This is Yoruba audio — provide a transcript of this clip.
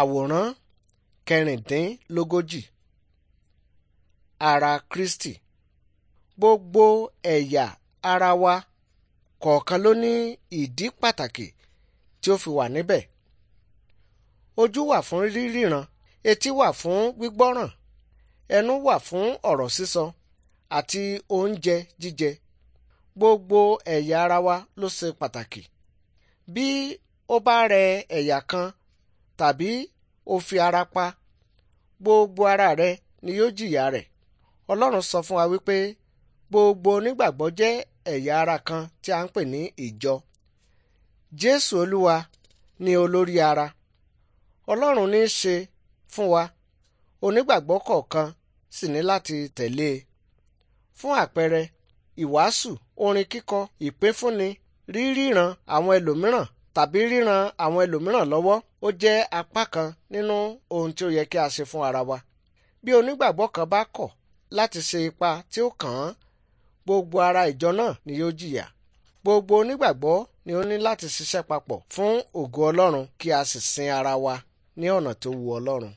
àwòrán kẹrìndínlógójì ara Kristi gbogbo ẹ̀yà ara wa kọ̀ọ̀kan ló ní ìdí pàtàkì tí ó fi wà níbẹ̀ ojú wà fún ríríran etí wà fún gbígbọ́ràn ẹnu wà fún ọ̀rọ̀ sísọ àti oúnjẹ jíjẹ gbogbo ẹ̀yà ara wa ló ṣe pàtàkì bí ó bá rẹ ẹ̀yà kan tàbí o fi ara pa gbogbo ara rẹ ni yóò jìyà rẹ̀ ọlọ́run sọ fún wa wípé gbogbo onígbàgbọ́ jẹ́ ẹ̀yà ara kan tí a ń pè ní ìjọ jésù olúwa ni olórí ara ọlọ́run ní í ṣe fún wa onígbàgbọ́ kọ̀ọ̀kan sì ní láti tẹ̀lé e fún àpẹẹrẹ ìwàásù orin kíkọ ìpínfúnni ríríran àwọn ẹlòmíràn tàbí ríran àwọn ẹlòmíràn lọ́wọ́ ó jẹ́ apá kan nínú ohun tí ó yẹ kí a ṣe fún ara wa. bí onígbàgbọ́ kan bá kọ̀ láti ṣe ipa tí ó kàn án gbogbo ara ìjọ náà ni yóò jìyà gbogbo onígbàgbọ́ ni ó ní láti ṣiṣẹ́ papọ̀ fún ògo Ọlọ́run kí a sì sin ara wa ní ọ̀nà tó wu Ọlọ́run.